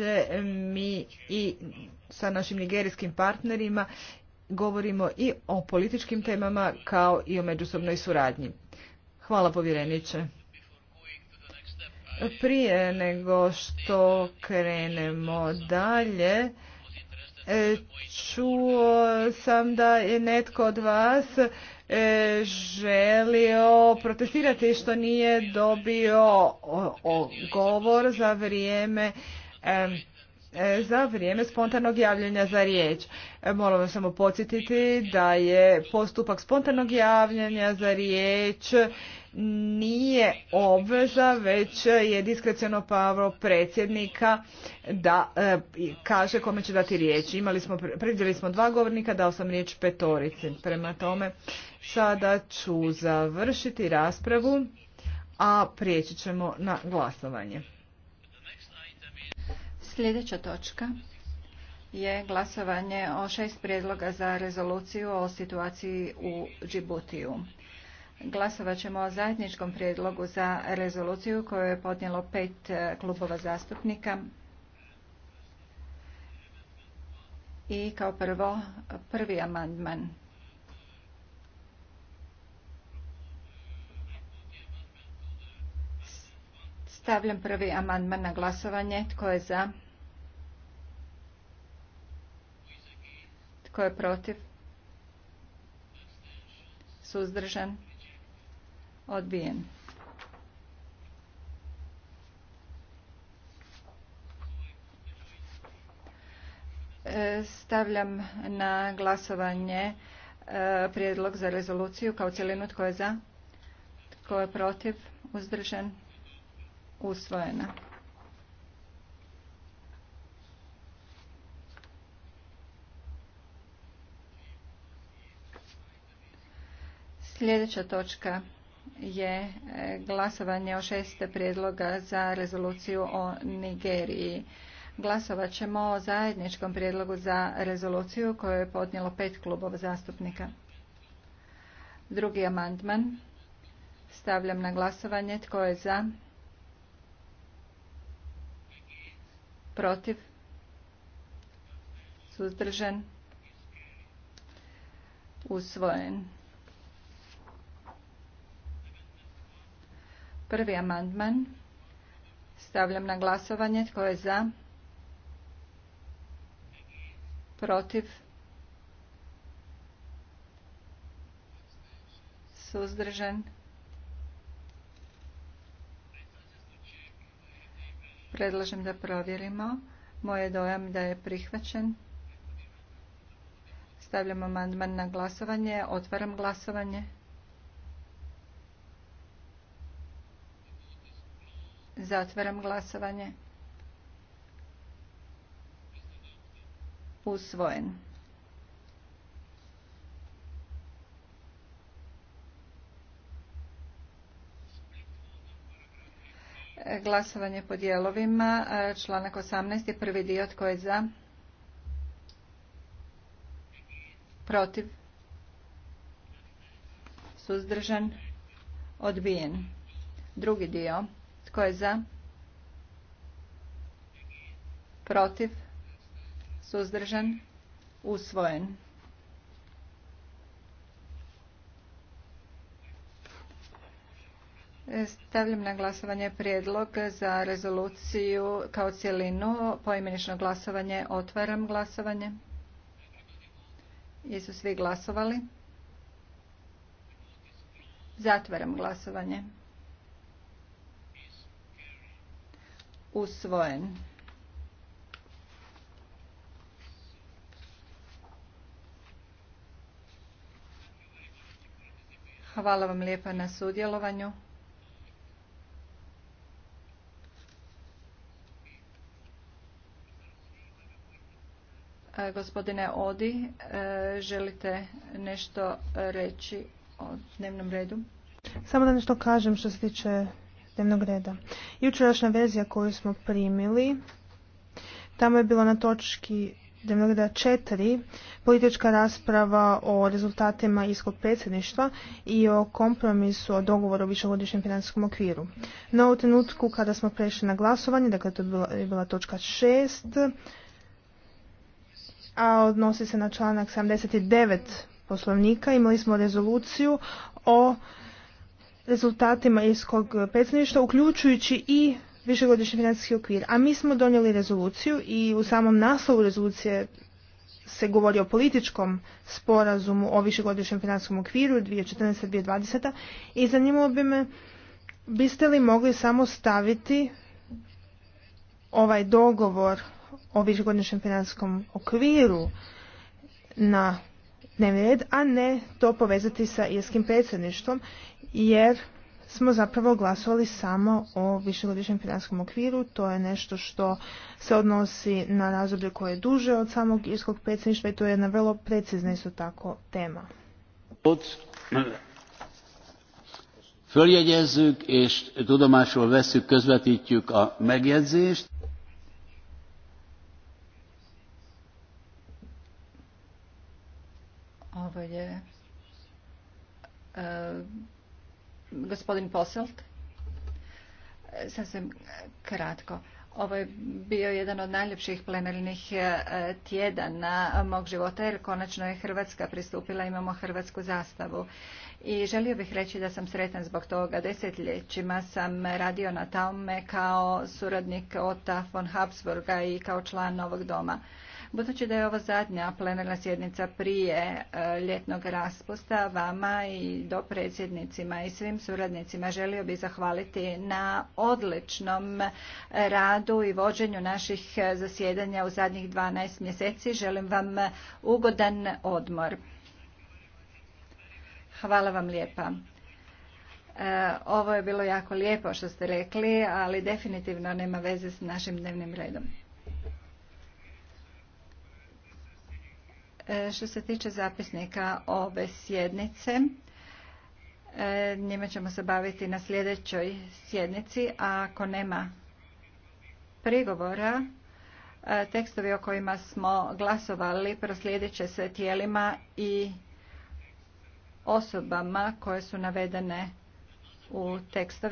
E, mi i sa našim nigerijskim partnerima govorimo i o političkim temama kao i o međusobnoj suradnji. Hvala povjereniče. Prije nego što krenemo dalje, e, čuo sam da je netko od vas e, želio protestirati što nije dobio govor za vrijeme E, za vrijeme spontanog javljanja za riječ. E, Moram vam samo podsjetiti da je postupak spontanog javljanja za riječ nije obveza, već je diskrecijno pravo predsjednika da e, kaže kome će dati riječ. Imali smo, predvidjeli smo dva govornika, dao sam riječ petorici. Prema tome, sada ću završiti raspravu, a prijeći ćemo na glasovanje. Sljedeća točka je glasovanje o šest prijedloga za rezoluciju o situaciji u Džibutiju. Glasovat ćemo o zajedničkom prijedlogu za rezoluciju koju je podnijelo pet e, klubova zastupnika. I kao prvo, prvi amandman. Stavljam prvi amandman na glasovanje. Tko je za? Tko je protiv? Suzdržan? Odbijen. E, stavljam na glasovanje e, prijedlog za rezoluciju kao cjelinu. Tko je za? Tko je protiv? Uzdržan? usvojena. Sljedeća točka je e, glasovanje o šest prijedloga za rezoluciju o Nigeriji. Glasovat ćemo o zajedničkom prijedlogu za rezoluciju koju je podnijelo pet klubova zastupnika. Drugi amandman. Stavljam na glasovanje. Tko je za? protiv, suzdržan, usvojen. Prvi amandman stavljam na glasovanje. Tko je za? Protiv? Suzdržan? Predlažem da provjerimo. Moj je dojam da je prihvaćen. Stavljam amandman na glasovanje. Otvaram glasovanje. Zatvaram glasovanje. Usvojen. Glasovanje po dijelovima. E, članak 18. je prvi dio. Tko je za? Protiv? Suzdržan? Odbijen. Drugi dio. Tko je za? Protiv? Suzdržan? Usvojen. Stavljam na glasovanje prijedlog za rezoluciju kao cjelinu. Poimenično glasovanje otvaram glasovanje. Jesu svi glasovali? Zatvaram glasovanje. Usvojen. Hvala vam lijepa na sudjelovanju. E, gospodine Odi, e, želite nešto reći o dnevnom redu? Samo da nešto kažem što se tiče dnevnog reda. Jučerašnja verzija koju smo primili, tamo je bilo na točki dnevnog reda četiri politička rasprava o rezultatima iskog predsjedništva i o kompromisu o dogovoru o višegodišnjem financijskom okviru. No u trenutku kada smo prešli na glasovanje, dakle to je bila, je bila točka šest, a odnosi se na članak 79 poslovnika. Imali smo rezoluciju o rezultatima iskog predstavništva, uključujući i višegodišnji financijski okvir. A mi smo donijeli rezoluciju i u samom naslovu rezolucije se govori o političkom sporazumu o višegodišnjem financijskom okviru 2014-2020 i zanimalo bi me biste li mogli samo staviti ovaj dogovor o višegodišnjem financijskom okviru na dnevni red, a ne to povezati sa irskim predsjedništvom, jer smo zapravo glasovali samo o višegodišnjem financijskom okviru. To je nešto što se odnosi na razdoblje koje je duže od samog irskog predsjedništva i to je jedna vrlo precizna isto tako tema. Följegyezzük és tudomásul veszük, közvetítjük a megjegyzést. Ovo je e, gospodin Poselt. E, sasvim kratko. Ovo je bio jedan od najljepših plenarnih e, tjedana mog života jer konačno je Hrvatska pristupila, imamo hrvatsku zastavu. I želio bih reći da sam sretan zbog toga. Desetljećima sam radio na tome kao suradnik Ota von Habsburga i kao član ovog doma. Budući da je ovo zadnja plenarna sjednica prije e, ljetnog raspusta, vama i do predsjednicima i svim suradnicima želio bih zahvaliti na odličnom radu i vođenju naših e, zasjedanja u zadnjih 12 mjeseci. Želim vam ugodan odmor. Hvala vam lijepa. E, ovo je bilo jako lijepo što ste rekli, ali definitivno nema veze s našim dnevnim redom. E, što se tiče zapisnika ove sjednice, e, njima ćemo se baviti na sljedećoj sjednici, a ako nema prigovora, e, tekstovi o kojima smo glasovali proslijedit će se tijelima i osobama koje su navedene u tekstovima.